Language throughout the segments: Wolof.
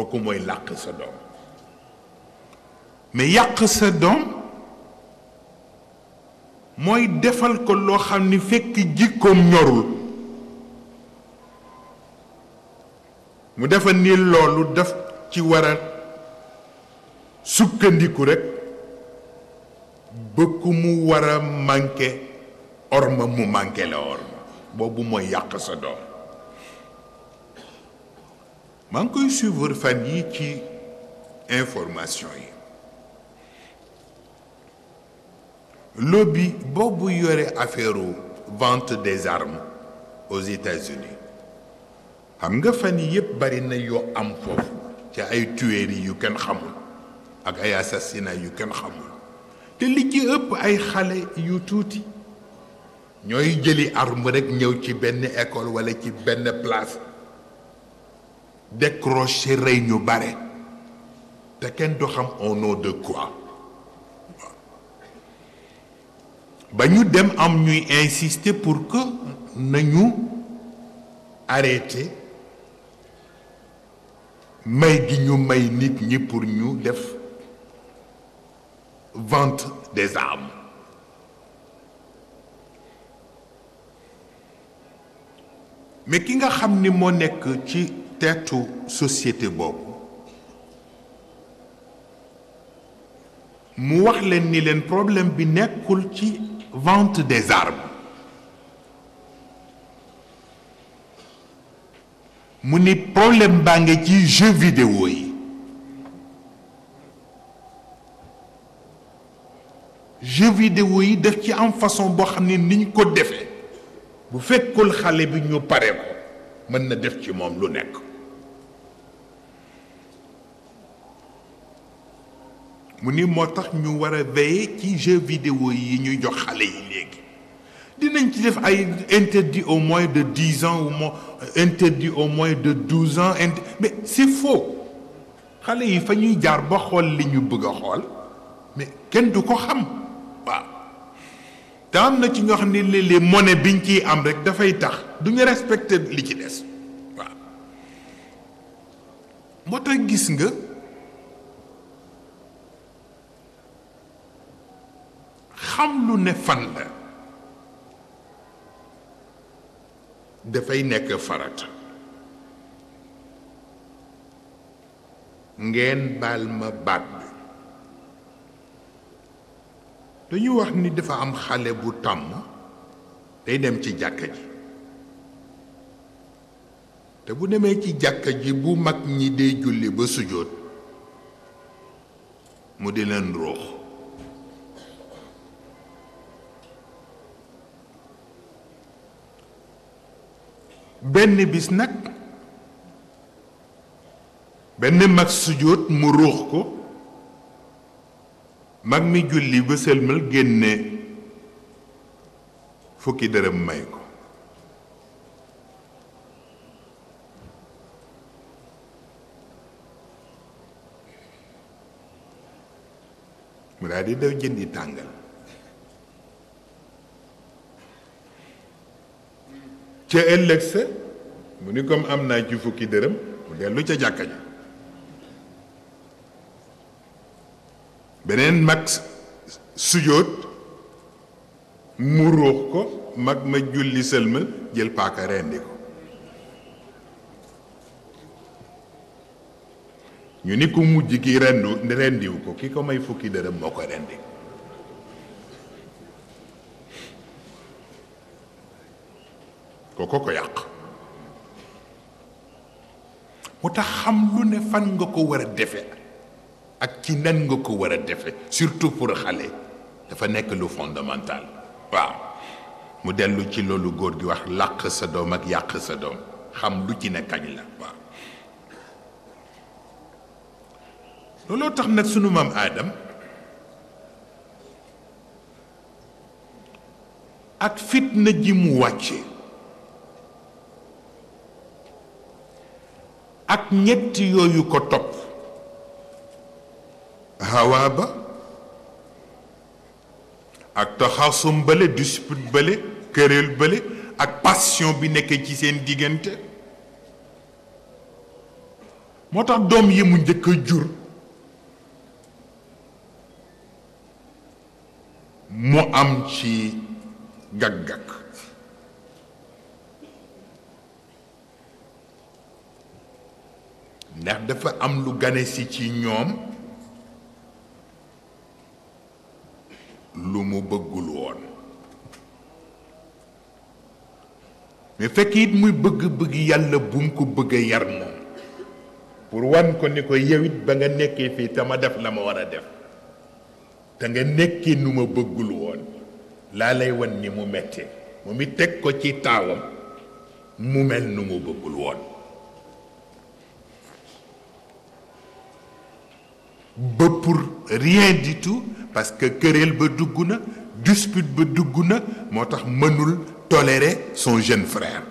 kooku mooy làq sa doom mais yàq sa doom mooy defal ko loo xam ni fekk jikkoom ñorul mu defal ni loolu daf ci war a sukkandiku rekk bëgg mu war a manqué orma mu manqué la orma boobu mooy yàq sa doom maa koy suivre fan yi ci information yi lobby boobu yore affaire vente des armes aux États-Unis xam nga fan yi yëpp bari na yoo am foofu ci ay tueries yu kenn xamul ak ay assassinat yu kenn xamul te li ci ëpp ay xale yu tuuti ñooy jëli arme rek ñëw ci benn école wala ci benn place décrocher nos barres. te qu'un du de quoi nous nous dem am insister pour que nous... ...arrêtions... may gi ñu may pour ñu def vente des armes mais ki nga xam tetu société bob mu wax len ni len problème bi nekul ci vente des armes mu ni problème bangé ci jeux vidéo yi jeux vidéo yi def ci am façon bo xam niñ ko défé bu fekkul xalé bi ñu paré ko mën na def ci mom lu nekk mu ni moo tax ñu war a ci jeux vidéo yi ñuy jox xale yi léegi dinañ ci def ay interdit au moins de 10 ans ou euh, interdit au moins de 12 ans mais c'est faux xale yi fa ñuy jaar ba xool li ñu bëgg a mais kenn du ko xam waaw te am na ci ñoo xam ne que monnaie biñ ciy am rek tax respecter li ci xam lu ne fan la dafay nekk farat ngeen baal ma baat bi dañu wax ni dafa am xale bu tàmm day dem ci jàkka ji te bu demee ci jàkka ji bu mag ñi dee julli ba sujjóot mu di leen ruux benn bis nag benn mag sujjóot mu ruux ko mag mi julli ba sëlmal génne fukki dërëm may ko mu daal di jëndi tàngal ca ëllëg sa mu ni comme am naa ci fukki dërëm mu dellu ca jàkka ja beneen mag sujóot mu ruux ko mag ma julli sëlmal jël paaka rendi ko ñu ni ku mujj ki rendu rendiw ko ki ko may fukki dërëm moo ko rendi kooko ko yàq moo xam lu ne fan nga ko war a defe ak ci nan nga ko war a defe surtout pour xale dafa nekk lu fondamental waaw mu dellu ci loolu góor gi wax làq sa doom ak yàq sa doom xam lu ci ne kañ la waaw looloo tax nag sunu maam aadam ak fitna ji mu wàcce ak ñett yooyu ko topp hawa ak taxasum bële dispute bële këréel bële ak passion bi nekk ci seen diggante moo tax doom yi mu njëkk a jur mu am ci gag ndax dafa am lu gane si ci ñoom lu mu bëggul woon mais fekk it muy bëgg-bëgg yàlla bu mu ko bëgg a yar moom pour wan ko ni ko yow ba nga nekkee fii te ma def la ma war a def te nga nekkee nu ma bëggul woon laa lay wan ni mu mettee moom it teg ko ci taawam mu mel nu mu bëggul woon ba pour rien du tout parce que querelle ba duguna dispute ba duguna motax moo tolérer son jeune frère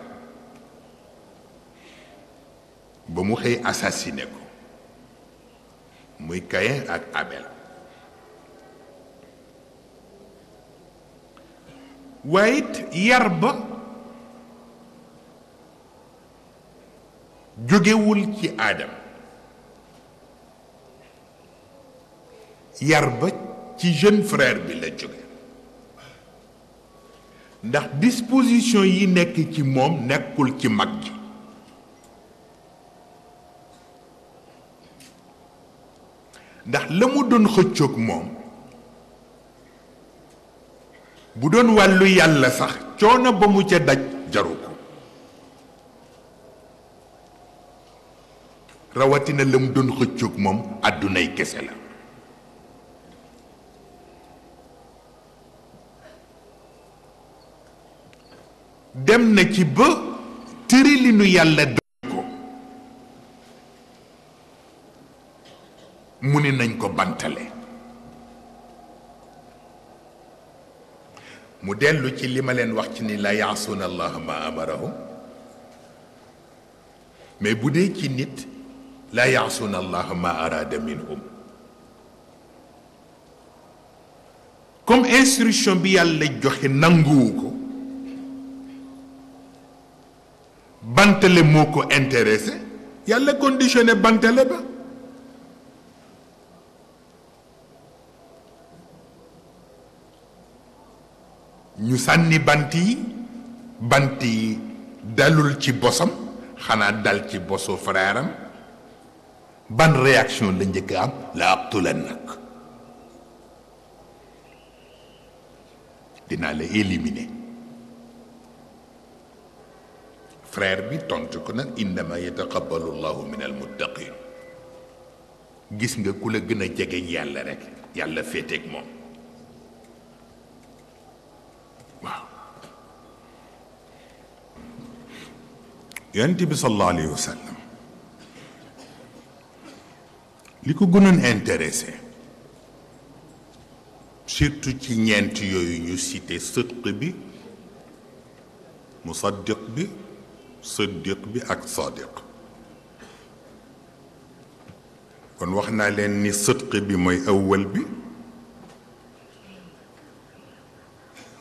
ba mu xey assassiné ko muy Caïn ak Abel waaye yarba yar ci adam yar ba ci jeune frère bi la jóge ndax disposition yi nekk ci moom nekkul ci mag ji ndax la mu doon xëccoog moom bu doon wàllu yàlla sax coono ba mu ca daj jaru ko rawatina la mu doon xëccoog moom àddunay kese la dem na ci ba tëralinu yàlla doy ko mu ni nañ ko bantale mu dellu ci li ma leen wax ci ni la yaasuuna allah ma amarahum mais bu dee ci nit la yaasuuna allah ma arada minhum comme instruction bi yàlla joxe nanguwu ko Bantele moko intéressé yalla conditionné Bantele ba ñu sànni banti banti dalul ci bosam xana dal ci bosso frère ban réaction la njëkk am la aqtulan la éliminer tontu ko nag innama yataqabbalu Allahu min almuttaqin gis nga ku la gën a jegeñ yàlla rek yàlla féeteeg moom waaw yonent bi sallallahu alayhi wa sallam li intéressé surtout ci ñeent yooyu ñu cité sidq bi musaddiq bi صدق بأك صادق كون وخنا لين ني صدق بي موي اول بي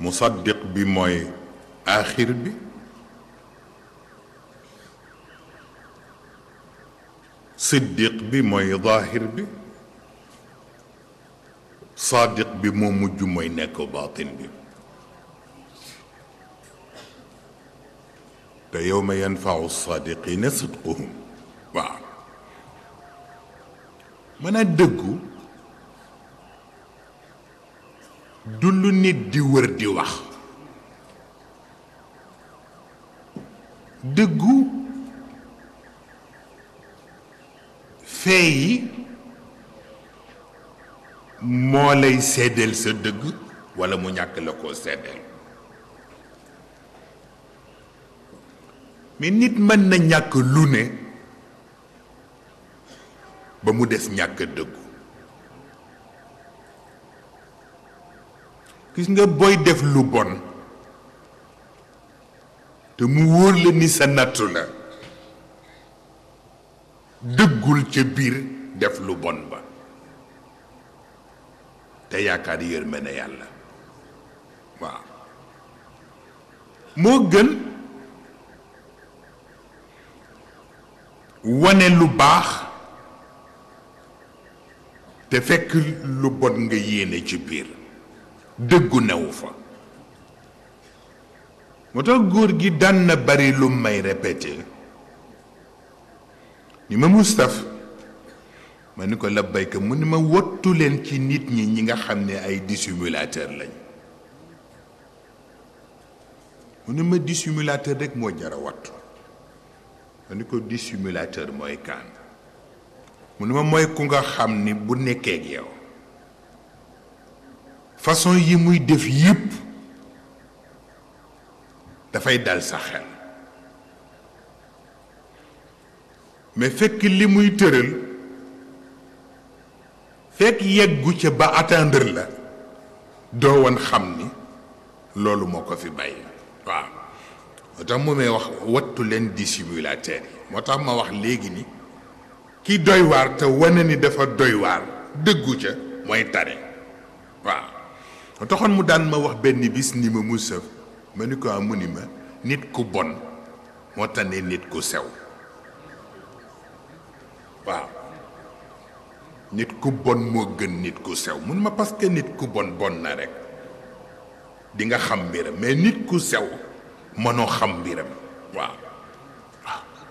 مصدق بي موي اخر بي صدق بي موي ظاهر بي صادق بي مو مجو موي نيكو باطن بي ليوم ينفع الصادقين صدقهم وعم من الدقو دلني دي ورد وخ دقو فاي مولاي سيدل سدق ولا مو نياك لاكو سيدل mais nit mën na ñàkk lu ne ba mu des ñàkk dëggu gis nga booy def lu bon te mu wóor la ni sa nattu la dëggul ca biir def lu bon ba te yaakaar yërmande yàlla waaw moo gën wane lu baax te fekk lu bon nga yéene ci biir dëggu newu fa moo tax góor gi daan na bari lu may répété ni ma Moustaph ma ni ko labbayka mu ni ma wottu leen ci nit ñi ñi nga xam ne ay dissimulateur lañ mu ni ma dissimulateur rekk moo jara wattu dañu ko dissimulateur mooy kan mu moy ku nga xamni bu nekké ak yow façon yi muy def yépp fay dal sa xel mais fekk li muy teurel fekk yeggu ci ba attendre la do won xamni lolou moko fi bay waaw moo tax mu may wax wattu leen dissimulateur yi moo tax ma wax léegi ni ki doy waar te wane ni dafa doy dëggu ca mooy tare waaw moo taxoon mu daan ma wax benn bis ni ma mu sëf ma ni ko ah, mu ni ma nit ku bon moo tane nit ku sew waaw nit ku bon moo gën nit ku sew mun ma parce que nit ku bon bon na rekk dinga nga xam mbiram mais nit ku sew mënoo xam mbiram waaw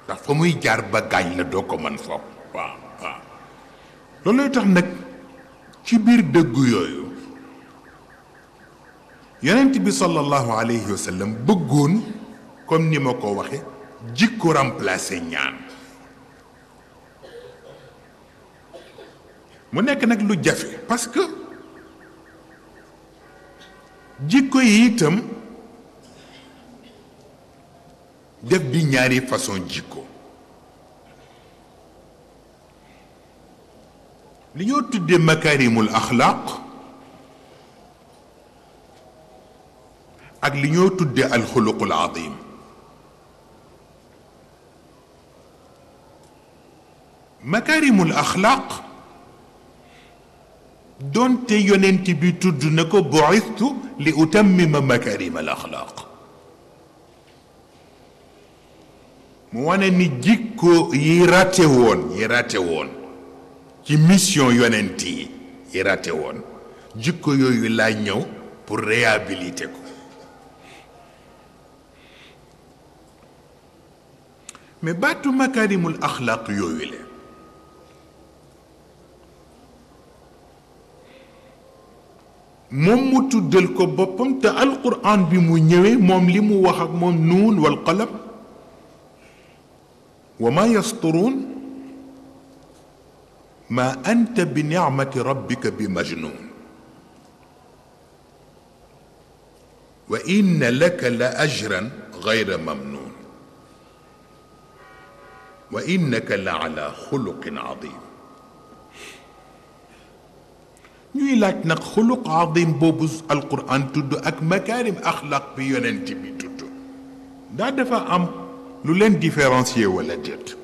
ndax fa muy jaar ba gaañ la doo ko man foofu waaw waaw loolooy tax nag ci biir dëggu yooyu yonent bi sallallahu alayhi wa sallam bëggoon comme ni ma ko waxe jikko remplacer ñaan mu nekk nag lu jafe parce que jikko yi itam def bi ñaari façon jikko li ñoo tuddee makaarimul axlaaq ak li ñoo tuddee alxuluqul azim makaarimul axlaaq doonte yonent bi tudd na ko buistu li utammima makaarimal axlaaq mu wane ni jikko yi rate woon yi rate woon ci mission yonent yi yi rate woon jikko yooyu laa ñëw pour réhabiliter ko mais baatu makaarimul axlaaq yooyu le moom mu tuddal ko boppam te alquran bi mu ñëwee moom li mu wax ak moom nuun wal qalam وما يسطرون ما أنت بنعمة ربك بمجنون وإن لك لأجرا غير ممنون وإنك لعلى خلق عظيم ñuy laaj nag xuluq azim boobu alquran tudd ak makarim axlaq bi yonent bi tudd daa dafa am لو لان ديفيرونسيي ولا ديت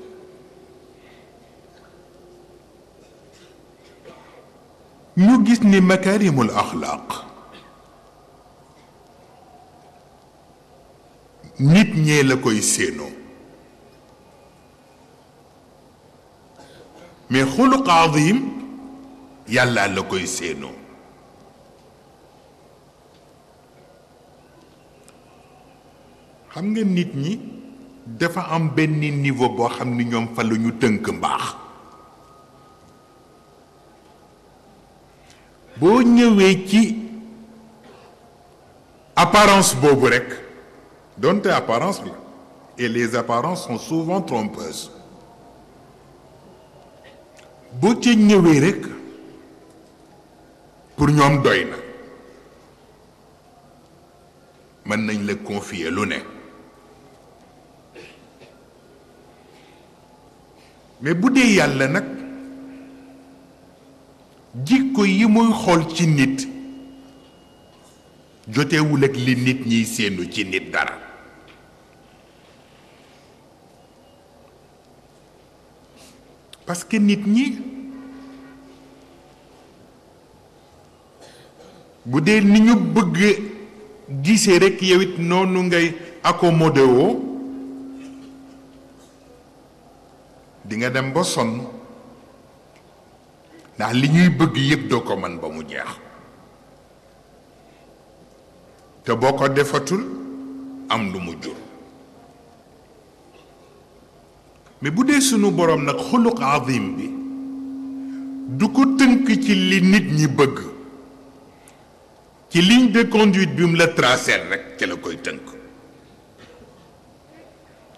ñu gis ni makarimul axlaaq nit ñee la koy séenoo mais xuluq azim yàlla la koy séenoo xam nga nit ñi dafa am benn niveau boo xam ni ñoom fa la ñu tënk mbaax boo ci apparence boobu rek donte apparence et les apparences sont souvent trompeuses bu ci ñëwee rek pour ñoom doy na mën nañ la confier lu nekk mais bu dee yàlla nag jikko yi muy xool ci nit jotewul ak li nit ñiy séenu ci nit dara parce que nit ñi bu dee ni ñu bëgg gisee rekk yow it noonu ngay accommodé dinga dem ba sonn ndax li ñuy bëgg yëpp doo ko man ba mu jeex te boo ko defatul am lu mu jur mais bu dee sunu boroom nag xuluq azim bi du ko tënk ci li nit ñi bëgg ci ligne de conduite bi mu la tracé rek ci la koy tënk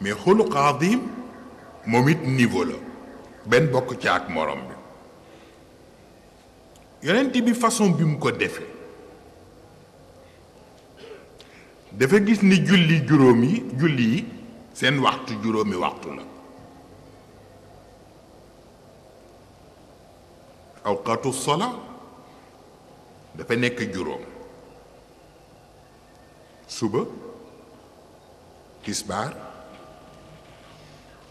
mais xuluq azim moom it niveau la benn bokk ci ak morom bi yonent bi façon bi mu ko defe dafa gis ni julli juróom yi julli yi seen waxtu juróomi waxtu la awqatu sola dafa nekk juróom suba tisbaar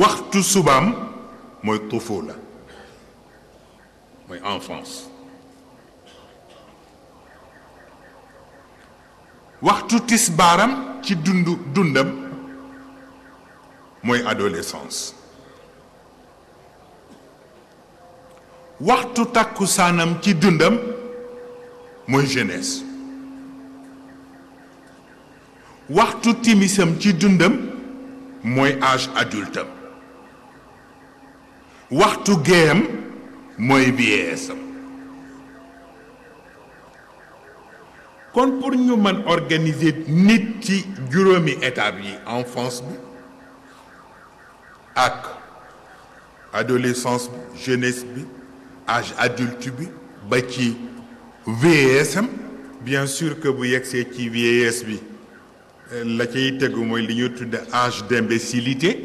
waxtu subam moy tufuula mooy enfance waxtu tisbaram ci dundu dundam moy adolescence waxtu takusanam ci dundam moy jeunesse waxtu timisam ci dundam moy âge adulte waxtu géem mooy biyeesam kon pour ñu mën organiser nit ci juróomi étape yi enfance bi ak adolescence bi jeunesse bi âge adulte bi ba ci VSM bien sûr que bu yegsee ci VAS bi la cay tegu mooy li ñu tudde âge d'imbécillité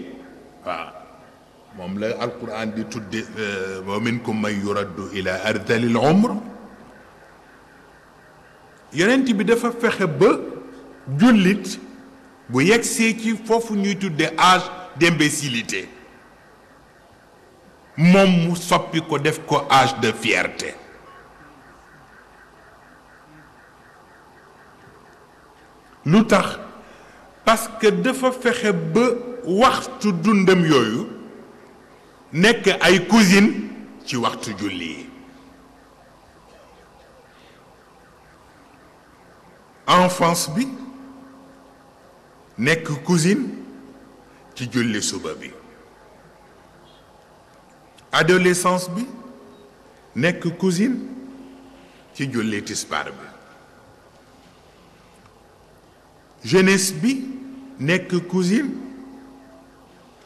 waaw موم لا القران دي تود ومنكم من يرد الى ارض العمر يرنتي بي دافا فخه با جوليت بو يكسي كي فوفو ني تود اج ديمبسيليتي موم سوبي كو ديف كو اج دو فيرتي لوتاخ باسكو دافا فخه با وقت دوندم يويو nek ay cousine ci waxtu julli enfance bi nek cousine ci julli suba bi adolescence bi nek cousine ci julli tisbaar bi jeunesse bi nek cousine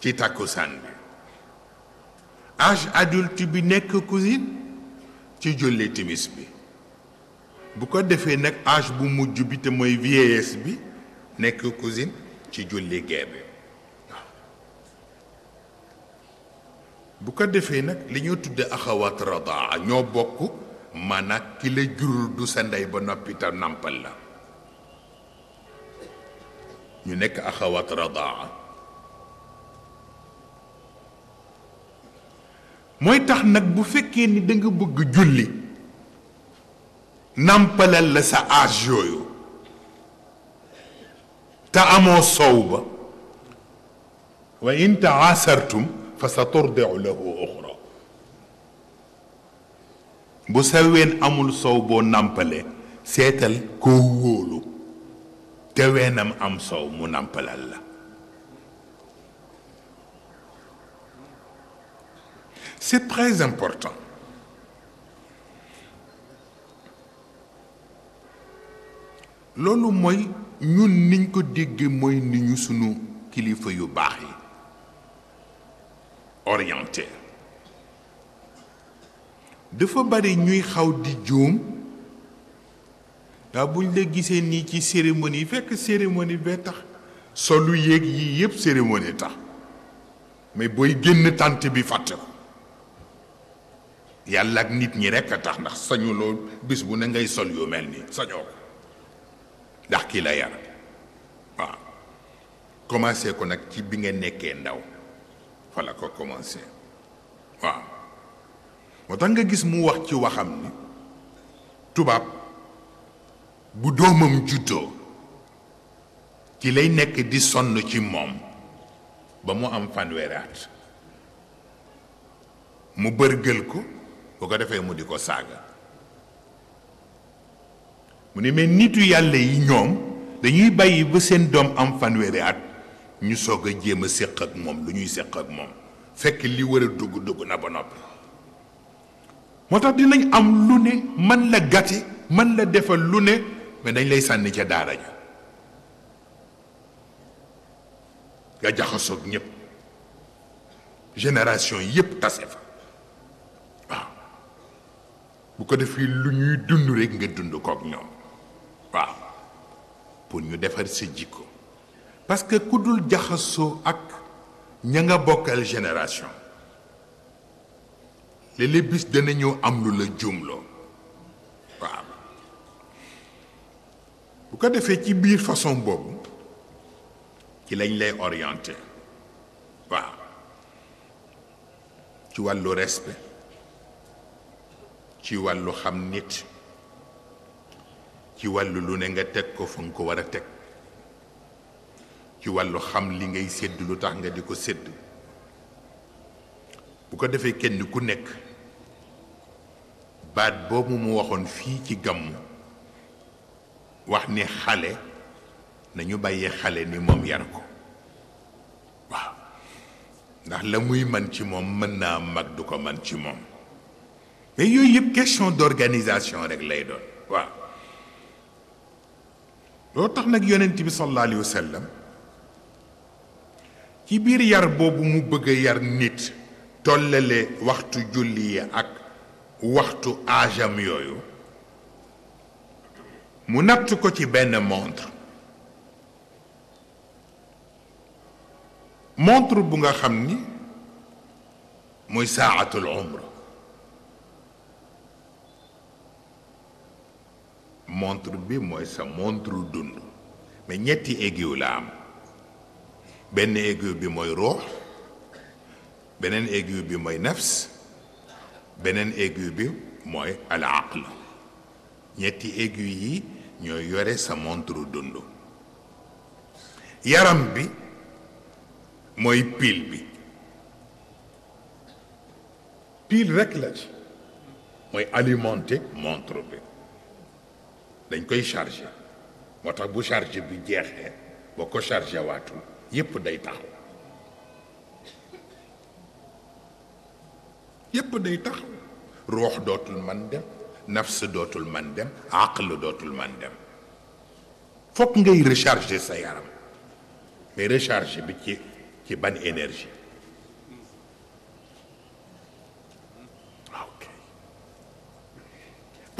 ci takkusaan bi âge adulte bi nekk cousine ci julli timis bi bu ko defee nag âge bu mujj bi te mooy vieillesse bi nekk cousine ci julli gee bu ko defee nag li ñu tudde axawaat radaa ñoo bokk maanaam ki la jurul du sa ndey ba noppi ta nampal la ñu nekk axawaat radaa moy tax nak bu fekke ni da nga bëgg julli nàmpalal la sa âge yooyu te amoo soow ba wa in taasartum fa sa lahu uxra bu sa ween amul soow boo nàmpale seetal koo wóolu te weenam am soow mu nàmpalal la C'est très important. orienter. Nous ñun niñ ko Nous nous orienter. kilifa yu yi nous orienter, ñuy xaw di buñ cérémonie fekk cérémonie solu cérémonie mais nous génn tante bi fàtte yàlla ak nit ñi rekk a tax ndax sañuloo bis bu ne ngay sol yu mel nii sañoo ko ndax kii la yar waaw commencé ko nag ci bi nga nekkee ndaw fa la ko commencé waaw moo tax nga gis mu wax ci waxam ni tubaab bu doomam juddoo ci lay nekk di sonn ci moom ba mu am fanweeraat mu bërgël ko boo ko defee mu di ko saaga mu ne mais nitu yàlla yi ñoom dañuy bàyyi ba seen doom am fanweeri at ñu soog a jéem a séq moom lu ñuy séq moom fekk li war a dugg dugg na ba noppi moo tax dinañ am lu ne man la gàtte man la defal lu ne mais dañ lay sànni ca daara ja nga jaxasoog ñëpp génération yëpp tase fa Pourquoi nous defee lu ñuy dund rek nga dund Pour ñoom pour ñu parce que ku dul ak ña nga bokkal génération léeg am lu la fait. waaw bu ko ci façon ci lañ lay orienté Tu ci le respect ci wàllu xam nit ci wàllu lu ne nga teg ko fu nga ko war a teg ci wàllu xam li ngay sédd lu tax nga di ko sédd bu ko defee kenn ku nekk baat boobu mu waxoon fii ci gàmm wax ni xale nañu bàyyee xale ni moom yar ko waaw ndax la muy man ci moom mën naa mag du ko man ci moom mais il y a une question d'organisation avec les deux. L'autre, loo que nag yonent bi sallallahu alayhi wa sallam ci biir yar boobu mu bëgg a yar nit tollale waxtu julli yi ak waxtu aajam yooyu mu natt ko ci benn montre montre bu nga xam ni mooy saatul umra montre bi mooy sa montre dund mais ñetti aiguille la am benn aiguille bi mooy ruux beneen aiguille bi mooy nafs beneen aiguille bi mooy al aql ñetti aiguille yi ñooy yore sa montre dund yaram bi mooy pile bi pile rek la ci mooy alimenter montre bi dañ koy chargé moo tax bu chargé bi jeexee boo ko chargé waatul yépp day tax yépp day tax ruux dootul man dem nafs dootul man dem àql dootul man dem fokk ngay recharger sa yaram mais recharger bi ci ci ban énergie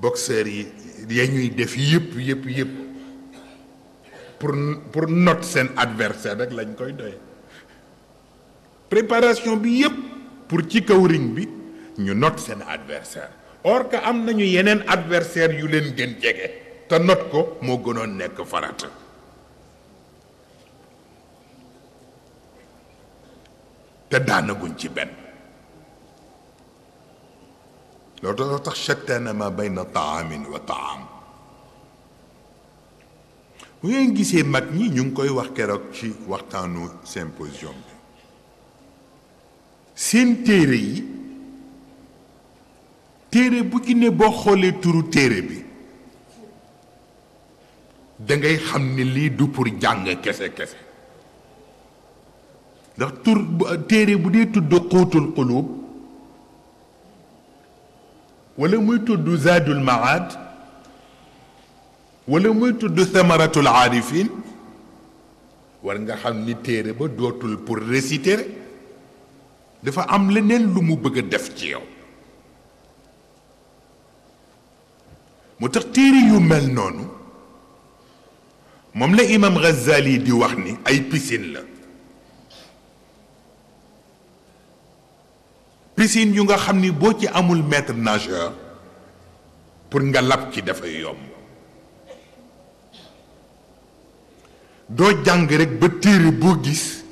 boxeur yi ya ñuy def yëpp yëpp yëpp pour pour not seen adversaire rek lañ koy doy préparation bi yëpp pour ci kaw bi ñu not seen adversaire or que am nañu yeneen adversaire yu leen gën jege te not ko moo gënoon nekk farat te daanaguñ ci benn لتشتان ما بين طعام وطعام وين جيسي ماتني نيونكوي واخ كيروك شي واختانو سيمبوزيوم سين تيري تيري بو كي ني بو خولي تورو تيري بي دا ngay xamni li du pour jang kesse kesse ndax tour téré bu dé tuddu qutul qulub ولا ميت زاد المعاد ولا ميت ثمرة العارفين ورنغا خام ني تيري تل دوتول بور ريسيتير دا فا ام مو بغا ديف تي يو موتاخ تيري نونو موم امام غزالي دي اي بيسين piscine yu nga xamni bo ci amul maître nageur pour nga lap ci dafay yom do jàng rek ba téere bo gis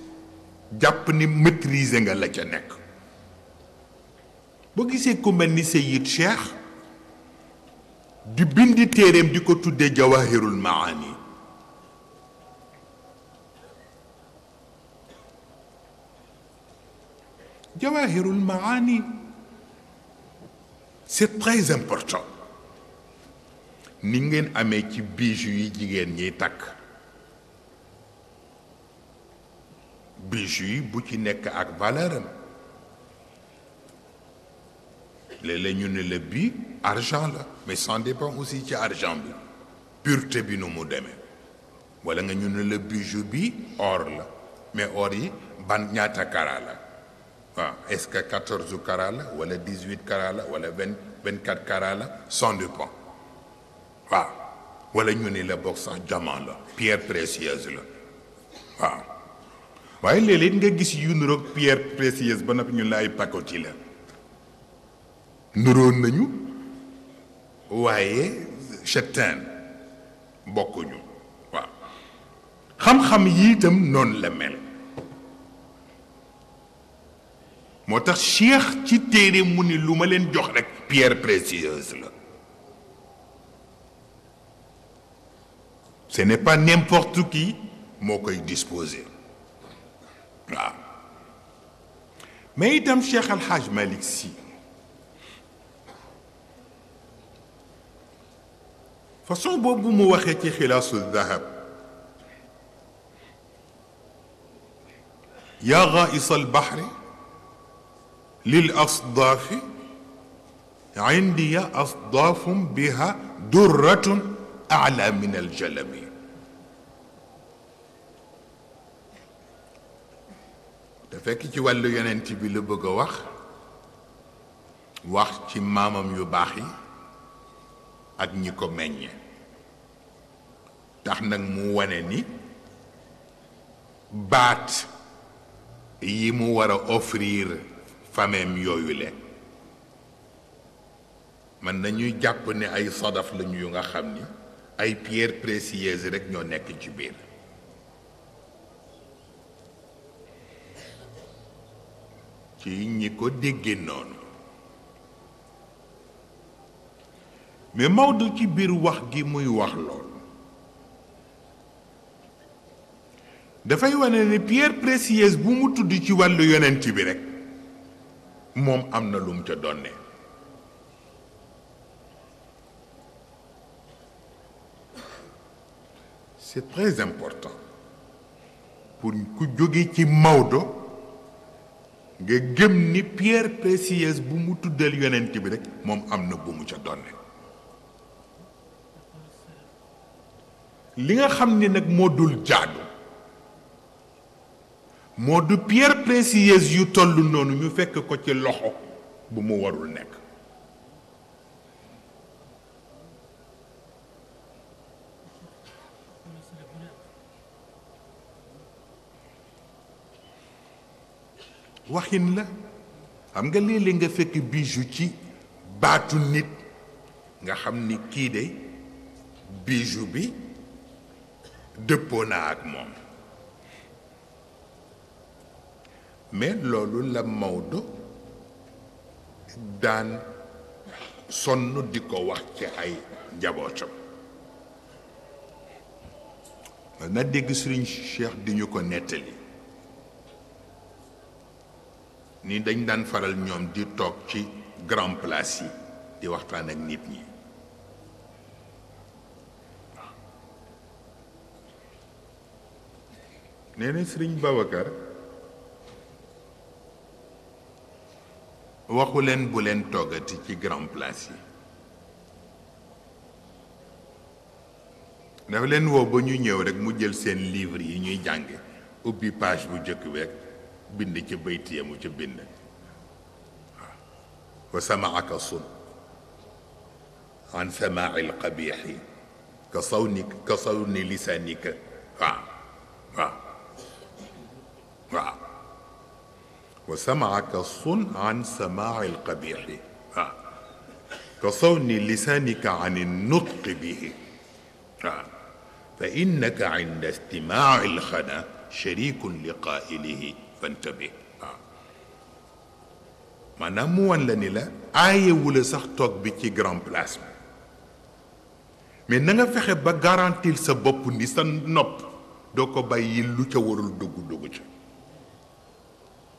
jàpp ni maîtriser nga la ca nek bo gisé ku melni ni Seyid Cheikh di bindi terem di ko tuddee jawahirul maani Jawahirul Maani, c'est très important. ni ngeen amee ci bijoux yi jigéen ñiy takk bijoux yi bu ci nekk ak valeur am ñu ne bii argent la mais ça dépend aussi ci argent bi pureté bi nu mu wala nga ñu ne bi or la mais or yi ban ñaata kara la waaw est-ce que 14 carats la wala 18 carats la wala 20 24 carats la sans dépend waaw wala ñu sax diamant la pierre précieuse la waaw waaye léeg-léeg nga gis yu nuroog pierre précieuse ba noppi ñu la ay pakoti la nuroon nañu waaye chetin bokkuñu waaw xam-xam yi tam noonu la mel motax cheikh ci téré mu ni lu ma jox rek pierre précieuse la ce n'est pas n'importe qui moo koy disposer waaw mais itam cheikh al alhaj malik si façon bobu mu waxé ci xilaasu dahab yaa gaïs al bahri للأصداف عندي أصداف بها درة أعلى من الجلم تفكي كي والو يننتي بي لو بوغ واخ واخ تي مامام يو باخي نيكو ميني تاخ نك بات يي وراء ورا اوفرير fameem yooyule mën nañuy jàpp ne ay sadaf lañu yu nga xam ni ay pierres précieuses rek ñoo nekk ci biir ci ñi ko déggee noonu mais Maodo ci biir wax gi muy wax lool dafay wane ne pierre précieuse bu mu tudd ci wàllu yonent bi rek mom amna lum lu ca donne c'est très important pour ku jóge ci Maodo nga gem ni pierre précieuse bu mu tuddal yonent bi rek mom am bu mu ca donne li nga xamni ni modul jadu moo du pierre précieuse yu toll noonu ñu fekk ko ci loxo bu mu warul nekk waxin la xam nga léeg-léeg nga fekk bijou ci baatu nit nga xam ni kii de bijou bi dëppoo naa ak moom mais loolu la Maodo daan sonn di ko wax ci ay njabootam na dégg Sëriñ Cheikh di ñu ko nettali ni dañ daan faral ñoom di toog ci grand place yi di waxtaan ak nit ñi nee na Sëriñ Babacar waxu leen bu leen toggati ci grand place yi dafa leen woo ba ñu ñëw rek mu jël seen livre yi ñuy jànge ubbi page bu jëkk week bind ci baytiya mu ci bind waaw wa samaaka sun an samaai alqabixi ka saw ni ka saw ni lisaanika waaw وسمعك الصن عن سماع القبيح آه. كصون لسانك عن النطق به آه. فإنك عند استماع الخنا شريك لقائله فانتبه ما آه. ما نموان أي آية ولسختك بكي جرام بلاسم من نغفق بقارانتي سبب نيسان نب دوكو باي يلو تورو دوكو دوكو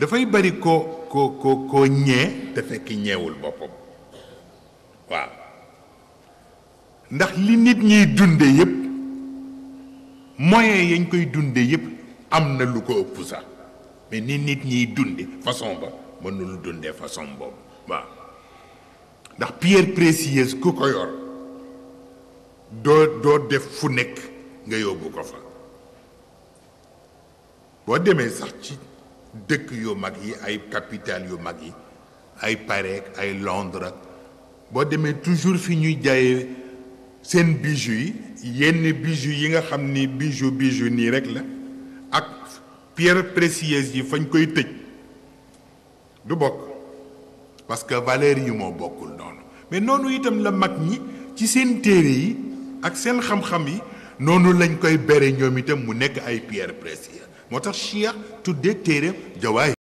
fay bari ko ko ko ko ñee te fekk ñeewul boppam ndax li nit ñi dunde yépp moyen yañ koy dunde yépp amne luko lu ko ëpp sax mais ni nit ñi dunde façon ba lu dundé façon bob. Wa. ndax pierre précieuse ku ko yor Do do def fu nekk nga ko fa Bo demee sax dëkk yu mag yi ay capital yu mag yi ay Paris ay Londres boo toujours fini ñuy jaayee bijoux yi yenn bijoux yi nga bijoux bijoux nii rek la ak pierre précieuse yi fañ koy du parce que valeur yi moo mais nous itam la mag ñi ci seen téere yi ak seen xam-xam yi lañ koy itam mu pierre précieuse moo tax chia tuddee téere jawaay